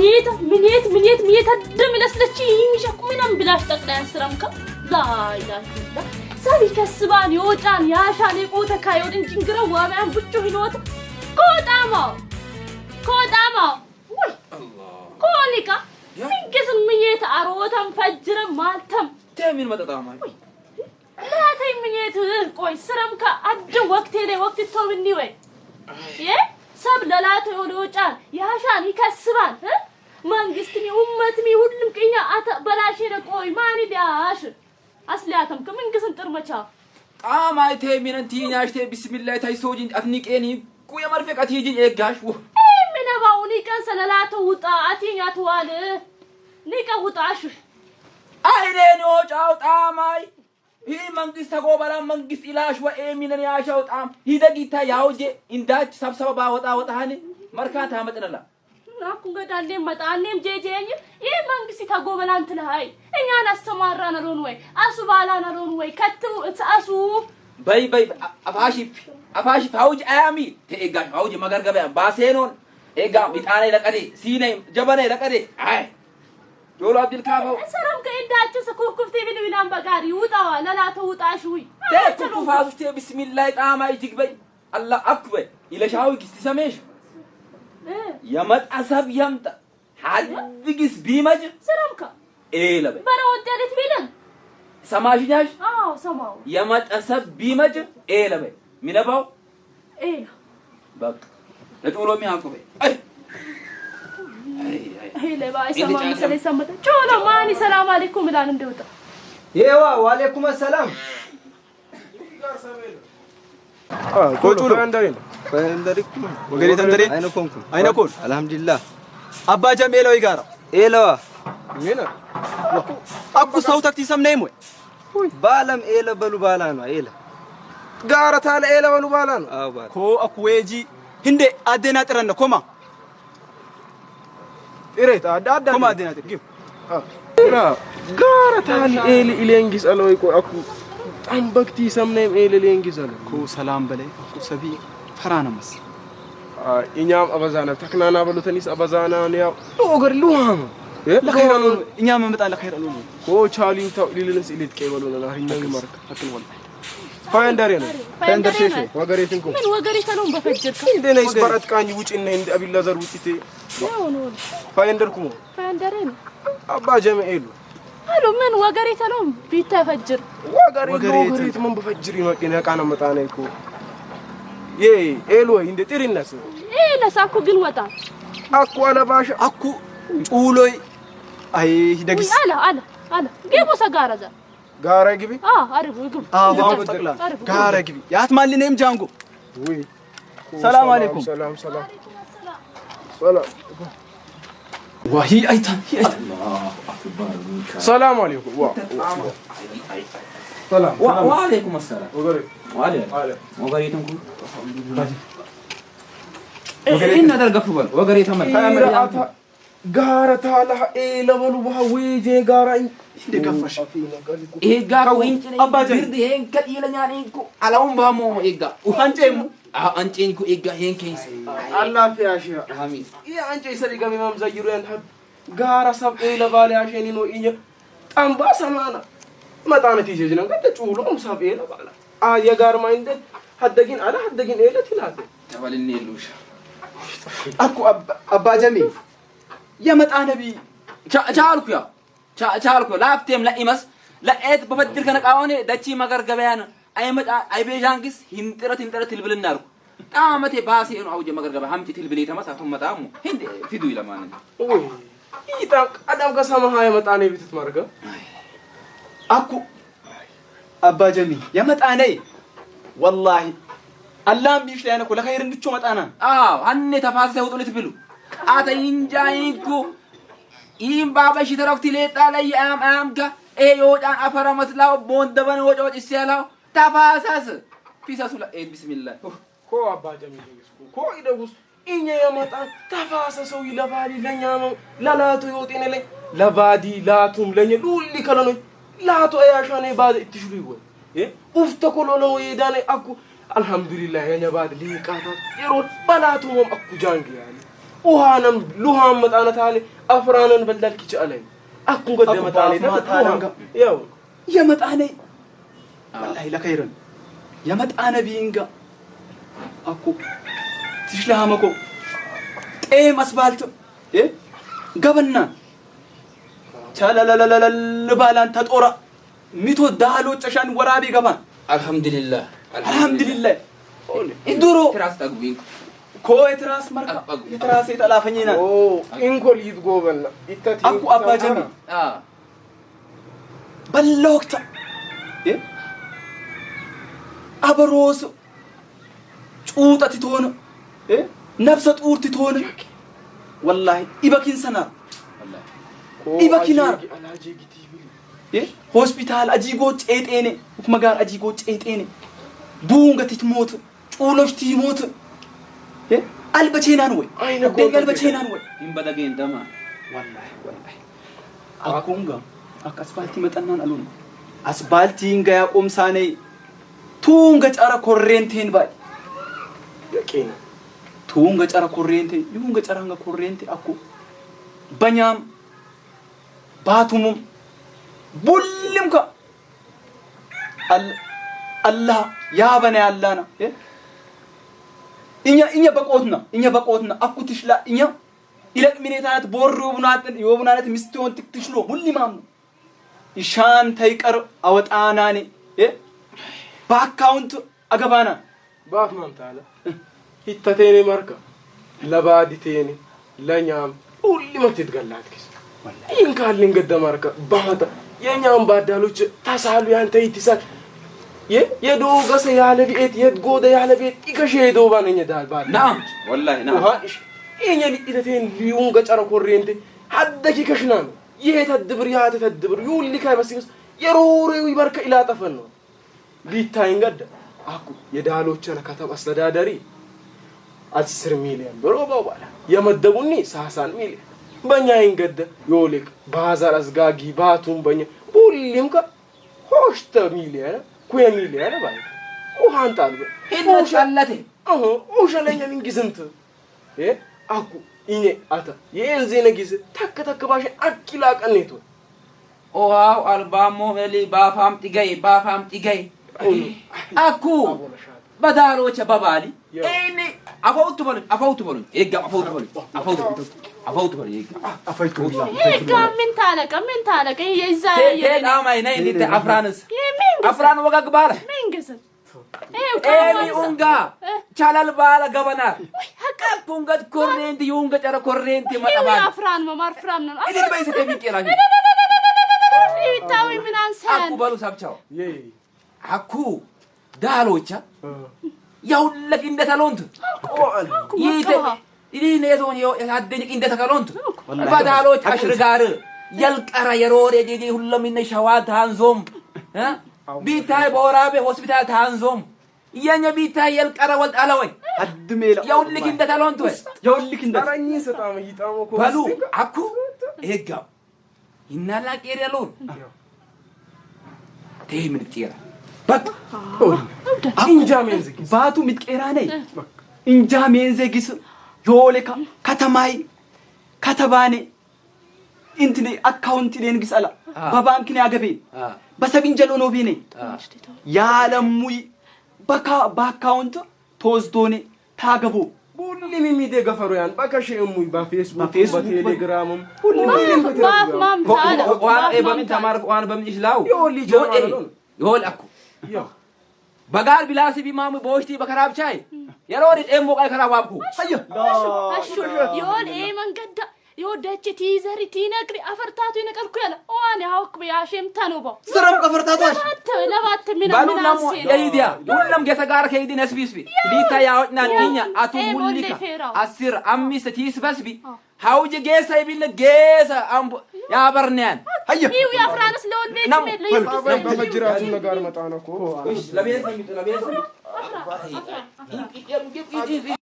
ምኔት ምኔት ምኔት ምኔት አድም ለስለች ይሚሸኩ ምንም ብላሽ ጠቅላይ አስራም ከ ላይላችላ ሰብ ይከስባን ይወጫን ያሻን የቆተ ካዮድን ጅንግረ ዋባያን ቡጩ ሂኖት ኮጣማው ኮጣማ ወይ ኮኒካ ምንክስን ምኔት አሮተም ፈጅረ ማልተም ደምን መጠጣማ ላተይ ምኔት ቆይ ስረም አድ ወቅቴ ላይ ወቅት ቶብኒ ወይ የ ሰብ ለላተ ወጫን ያሻን ይከስባል መንግስትሚ ኡመትሚ ሁሉም ቅኛ አታ በላሽ ደቆይ ማን ቢያሽ አስላተም ከመንግስን ጥርመቻ ጣም አይቴ ሚነን ቲኛሽ ቴ ቢስሚላህ ታይ አትኒቄኒ ቁየ መርፈቅ አትይጂን ኤጋሽ ወ ሚነባው ኒቀን ሰለላተ ውጣ አትኛ ተዋል ኒቀ ውጣሽ አይኔን ወጫው ጣማይ ይህ መንግስት ተቆበላ መንግስት ኢላሽ ወኤ ሚነን ያሻው ጣም ይደጊታ ያውጄ እንዳች ሰብሰባ ባወጣ ወጣሃኒ መርካታ መጥነላ አኩንገዳ እኔም መጣ እኔም ጄጄኝ ይህ መንግስት ተጎበላንት ለሀይ እኛን አስተማራ ነሮን ወይ አሱ ባላ ነሮን ወይ ከት አሱ በይ በይ አፋሽ አፋሽ ታውጅ አያሚ ቴጋሽ ሀውጅ መገርገበያ ባሴኖን ኤጋ ቢጣኔ ለቀዴ ሲኔ ጀበኔ ለቀዴ አይ ዶሎ አብዲል ካፈው ሰረም ከእዳችሁ ቲቪ ነው ይላም በጋሪ ውጣዋ ለላተ ውጣሽ ውይ ተኩፋፍቴ ቢስሚላህ ጣማ ይጅግበይ አላህ አክበር ኢለሻው ግስቲ ሰሜሽ የመጣ ሰብ የምጣ ሐድግስ ቢመጭ ስራምከ ኤለበ በረ ወደለት ቢለን ሰማሽኛሽ አዎ ሰማው የመጣ ሰብ ቢመጭ ኤለበ ሚነባው ኤላ በቃ ለጥሎ የሚያቁበ አይ ሰላም አለይኩም ብላን እንደወጣ ይዋ ዋለይኩም ሰላም alhamdulillah abbajam elaw igara elawa ngena akku sautakti samne mo balam ela balu balano ela gara tala ela balu balano ko akku weji hinde adena tiranna koma ire ta adda adda koma adena tir gif ira gara tala eli ilengis aloy ko akku ambakti samne ela ilengis alo ko salam bale ko sabi ፈራነመስ እኛም አበዛነ ተክናና በሉተኒስ አበዛና ያው ኦገር ሉሃም ለኸይራሉ እኛ መምጣ ለኸይራሉ ኮ ቻሊ ታው ሊልንስ ኢሊት ቀይበሉ ለላህኛ ይማርክ አክን ወላ ፈንደር ነው ፈንደር ሸሽ ወገሬ ትንኩ ምን ወገሬ ተነው በፈጀርከ እንደ ነይ ስበረት ቃኝ ውጪ እና እንደ አቢላ ዘር ውጪ ቴ ነው ፈንደር ኩሞ ፈንደር ነው አባ ጀመኤሉ አሉ ምን ወገሬ ተነው ቢተፈጅር ወገሬ ወገሬ ምን በፈጅር ይመቀና ቃና መጣና ይኮ ወይ እንደ ጥሪነስ ኤለስ አኩ ግን ወጣ አኩ አለባሽ አኩ ጩሎይ አይ ደግስ አለ አለ አለ ገቦ ሰጋረዛ ጋራ ግቢ ጋራ ግቢ ያትማልኔም ጃንጎ ወይ ሰላም አለይኩም ሰላም ሰላም ሰላም ዋሂ አይታ ሰላም አለይኩም ዋ طلع وعليكم السلام وبركاته وعليكم وبركاته إن هذا القفل وقريت هم الخامر إيه، قارة على إيه لبل وهويجي قارة إيه قفش إيه قارة وإن أبا جاي إيه كت إيه لنيان إيه على أم بامو إيه قا وأنتم أنتين آه، كو إيه قا هين كيس آه، الله في عشاء حميد إيه أنتي سري قام إمام زجرين حب قارة سب إيه لبالي عشان إنه إيه أم باسم أنا መጣነ መጣነት ነው ግን ጩሉ ሙሳብ ኤለ ባላ አ የጋር ማይንደ ሀደግን አለ ሀደግን ኤለ ትላለ ተበልን ኤሉሽ አኩ አባ ጀሚ የመጣ ነቢ ቻልኩ ያ ቻልኩ ላፍቴም ለኢመስ ለኤት በፈድር ከነቃወኔ ደቺ መገር ገበያን አይመጣ አይቤዣንግስ ሂንጥረት ሂንጥረት ትልብልና አልኩ ጣመቴ ባሴ ነው አውጀ መገር ገበያ ሀምቲ ትልብል ተመሳ ቶም መጣሙ ሂንድ ፊዱ ይለማን ኦይ ይጣቅ አዳም ከሰማሃ የመጣ ነቢ ትትመርገ አይ አኩ አባ ጀሚ የመጣነ ወላሂ አላም ቢሽ ላይ ነኮ ለኸይር እንድቾ መጣና አዎ አኔ ተፋሰ ወጥነት ብሉ አተ እንጃይኩ ኢም ባበሽ ተረክቲ ለጣ ላይ አም አም ጋ ኤዮዳን አፈራ መስላው ቦንደበን ወጭ ወጭ ሲያላው ተፋሳስ ፒሳሱ ላ ኤ ቢስሚላ ኮ አባ ጀሚ ኮ ይደጉስ እኛ የመጣ ተፋሰሰው ይለባሊ ለኛ ነው ለላቱ ይወጤነ ለባዲ ላቱም ለኛ ሉሊ ከለኖች laatu ayyaashaanee baada itti shulii wayi ufta kololoo yeedaanee akku alhamdulillahi yanya baada liiqaataa yeroo balaatumoom akku jaangi yaani uhaanam luhaan maxaana taane afraanan baldalkichi alay akkun gadda maxaane yaw የመጣነ ወላሂ ለኸይርን የመጣነ ቢንጋ አኩ ትሽላመኮ ጤም አስባልት ገበና ቻለለለለልባላን ተጦራ ሚቶ ዳሎ ጨሻን ወራቢ ገባ አልሐምዱሊላ አልሐምዱሊላ ኮ የትራስ መርካ የትራስ የጠላፈኝና አኩ አበሮስ ጩጠት ትሆነ ነብሰ ጡርት ትሆነ ወላሂ ኢበኪን ሰናት dhiiba Hospitaala ajii gochee xeenee magaala ajii gochee xeenee bu'uun gatit mootu cuuloshtii mootu alba ceenaan wayi addeenyi alba ceenaan wayi. Hin balageen damaa. Wallaahi wallaahi. Akkuun gaa akka asbaaltii maxannaan aluun asbaaltiin gayaa qoomsaanee tuunga cara korreen ta'een baay'ee. Yaqeena. Tuunga cara korreen ta'e yuunga cara hanga korreen ta'e akkoo banyaama. baatumum bullimka አላህ ያበና ያላና እኛ እኛ በቆትና እኛ በቆትና አኩትሽላ እኛ ኢለቅ ሚኔታት ቦር ዮብናት ዮብናት ሚስትዮን ትክትሽሎ ሙሊማም ኢሻን ተይቀር አወጣናኔ በአካውንት አገባና ባፍ ማምታለ ሂተቴኔ መርካ ለባዲቴኔ ለኛም ሁሊመት ይትገላት ኪስ ይህን ካልን ገደማርከ ባታ የእኛም ባዳሎች ተሳሉ ያንተ ይትሳል የዶው ገሰ ያለ ቤት የት ያለ ቤት ይከሽ የዶ ባነኝ ዳል ሊጥተቴን ሊዩን ገጨረ ኮሬንቴ ሀደኪ ከሽና ነው ይሄ ተድብር ያ ተድብር ይሁን ሊካ በሲስ የሮሬው ይበርከ ኢላጠፈን ነው ቢታይን ገደ አኩ የዳሎችን ከተማ አስተዳዳሪ አስር ሚሊዮን ብር ባባላ የመደቡኒ ሳሳን ሚሊዮን በእኛ ይንገደ ዮሌክ ባዛር አስጋጊ ባቱን በኛ ሁሌም ከ ሆሽተ ሚሊያ ኩየን ሚሊያ ባ ውሃን ጣል ሄድነሻለቴ አሁ ውሸለኛ ምን ጊዝንት አኩ ይኔ አተ ይህን ዜነ ጊዜ ተክ ተክ ባሽ አኪላ ቀኔቶ ውሃው አልባሞ ሄሊ ባፋም ጢገይ ባፋም ጢገይ አኩ Badalocha babali. Ene afautu bolu afautu bolu yega afautu bolu afautu afautu bolu yega afautu bolu ምን ታለቀ ምን ታለቀ የዛ የላ ማይ ነይ እንዴ አፍራንስ አፍራን ወጋግ ባለ ኤሚ ኡንጋ ቻላል ባለ ገበና ሀቀቁ ኮሬንቲ ዩንገ ጨረ ኮሬንቲ መጣባል አፍራን መማር ፍራን ነው እንዴ በይሰ ተሚቄላኝ ይታዊ ምን አንሳን አኩ በሉ ሳብቻው አኩ ዳሎቻ ያውለቅ እንደተሎንት ይተ ኢኒ ነቶን ዮ አደኝ እንደተከሎንት ባዳሎች አሽርጋር የልቀራ የሮሬ ዲዲ ሁሉም እነ ሸዋት ታንዞም ቢታይ በወራቤ ሆስፒታል ታንዞም እያኛ ቢታይ የልቀራ ወልድ አለወይ አድሜላ ያውልክ እንደተሎንት ወይ ያውልክ እንደራኝ ሰጣም ይጣሞ ኮስ አኩ ይሄጋ ይናላቅ የሪያሎን ተይ ምን ጥራ Bak. Orada. İnca menzegis. Batu mitqeera ne? Bak. İnca menzegis. Yooleka katamay katabane intini akkawuntileen gisala babankin agabe basafinjal onobene yaalamuy baka bakawunt tozdone tagabo ሁሉም የሚደገፈሩ ያን በከሽ እሙይ በፌስቡክ በቴሌግራምም ሁሉም በምን ተማር ዋን በምን ይችላው ይሆል ይሆል እኮ Bagaan bilaasi fi maamu booshtii bakaraabchaay yeroo dhidheen moqaa karaabaaku. Yoon eeman gadda yoo dachi tiizari tiinagri afartaatu inaqalku yala waan hawakuma yaasheem tanuba. Sarab afartaatu ash. Labatte labatte mina mina Balu namu yaidiya dun nam gesa gaara keeydi nesbiisbi liita yaawat naan ninya atu mullika asir ammi satiis basbi hawji geesa ibille geesa ambo. يا برنيان هيا ايوه يا فرانس لون بيت بيت ليو بجرا هذا المقار مطانا كو لبيت لبيت